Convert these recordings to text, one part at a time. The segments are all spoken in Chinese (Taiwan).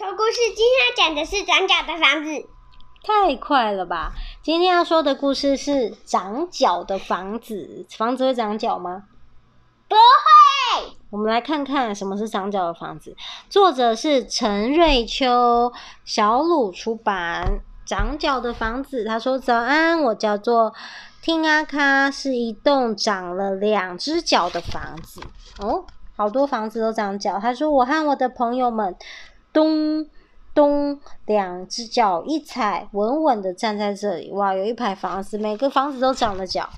說故事，今天要講的是長腳的房子。太快了吧！今天要說的故事是長腳的房子。房子會長腳嗎？不會。我們來看看什麼是長腳的房子。作者是陳瑞秋，小魯出版。長腳的房子，他說：“早安，我叫做聽阿卡，是一棟長了兩隻腳的房子。”哦，好多房子都長腳。他說：“我和我的朋友們。”咚，咚，兩隻腳一踩，穩穩的站在這裡。哇，有一排房子，每個房子都長了腳。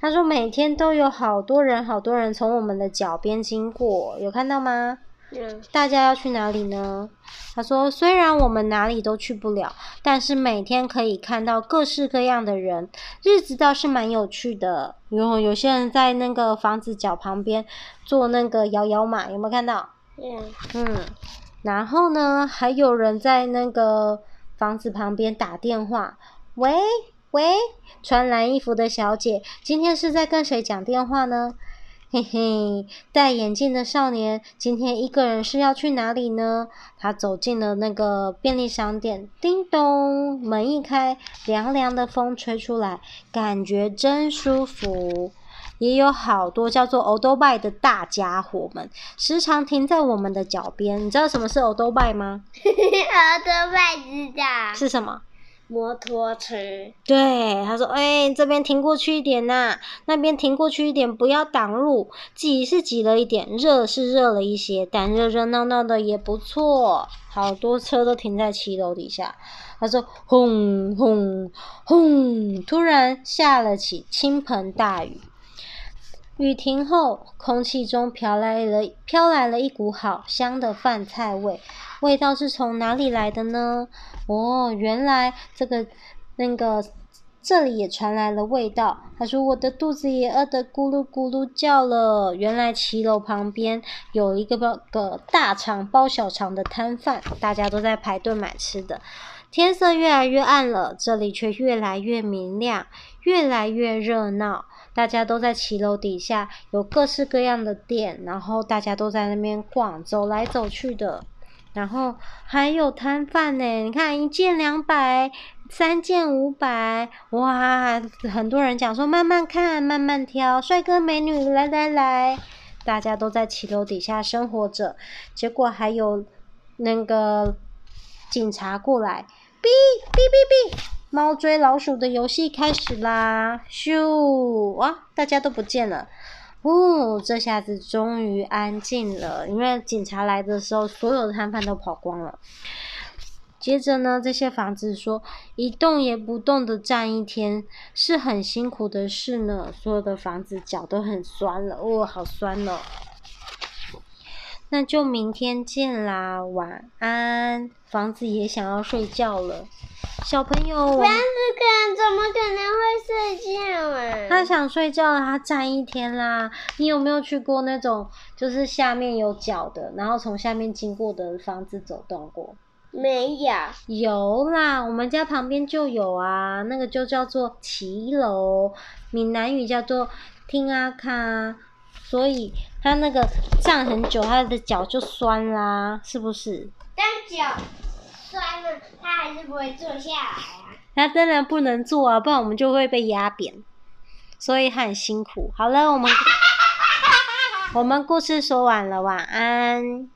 他說，每天都有好多人，好多人從我們的腳邊經過，有看到嗎？嗯。Yeah. 大家要去哪裡呢？他說，雖然我們哪裡都去不了，但是每天可以看到各式各樣的人，日子倒是蠻有趣的。有，有些人在那個房子腳旁邊坐那個搖搖馬，有沒有看到？Yeah. 嗯。嗯。然後呢，還有人在那個房子旁邊打電話。喂喂，穿藍衣服的小姐，今天是在跟誰講電話呢？嘿嘿，戴眼鏡的少年，今天一個人是要去哪裡呢？他走進了那個便利商店，叮咚，門一開，涼涼的風吹出來，感覺真舒服。也有好多叫做歐都拜的大家伙們，時常停在我們的腳邊。你知道什麼是歐都拜嗎？歐都拜是是什麼？摩托車。對，他說：“哎、欸，這邊停過去一點吶、啊，那邊停過去一點，不要擋路。擠是擠了一點，熱是熱了一些，但熱熱鬧，鬧鬧的也不錯。好多車都停在騎樓底下。”他說：“轟轟轟，轟！”突然下了起傾盆大雨。雨停後，空氣中飄來了飄來了一股好香的飯菜味，味道是從哪裡來的呢？哦，原來這個那個這裡也傳來了味道。他說：“我的肚子也餓得咕嚕咕嚕叫了。”原來騎樓旁邊有一個包個大腸包小腸的攤販，大家都在排隊買吃的。天色越來越暗了，這裡卻越來越明亮，越來越熱鬧。大家都在騎樓底下有各式各樣的店，然後大家都在那邊逛，走來走去的，然後還有攤販呢。你看一件兩百，三件五百，哇！很多人講說慢慢看，慢慢挑。帥哥美女來來來，大家都在騎樓底下生活着，結果還有那個警察過來，嗶嗶嗶嗶。逼逼逼。貓追老鼠的遊戲開始啦！咻，哇，大家都不見了。嗚、哦，這下子終於安靜了，因為警察來的時候，所有的攤販都跑光了。接着呢，這些房子說，一動也不動的站一天是很辛苦的事呢。所有的房子腳都很酸了，哦，好酸哦。那就明天見啦，晚安，房子也想要睡覺了。小朋友，房子可能怎麼可能會睡覺啊，他想睡覺了，他站一天啦。你有沒有去過那種就是下面有腳的，然後從下面經過的房子走動過？沒有。有啦，我們家旁邊就有啊。那個就叫做騎樓，閩南語叫做亭仔腳。所以他那個站很久，他的腳就酸啦，是不是？單腳。摔了，他還是不會坐下來啊！他真的不能坐啊，不然我們就會被壓扁，所以他很辛苦。好了，我們 我們故事說完了，晚安。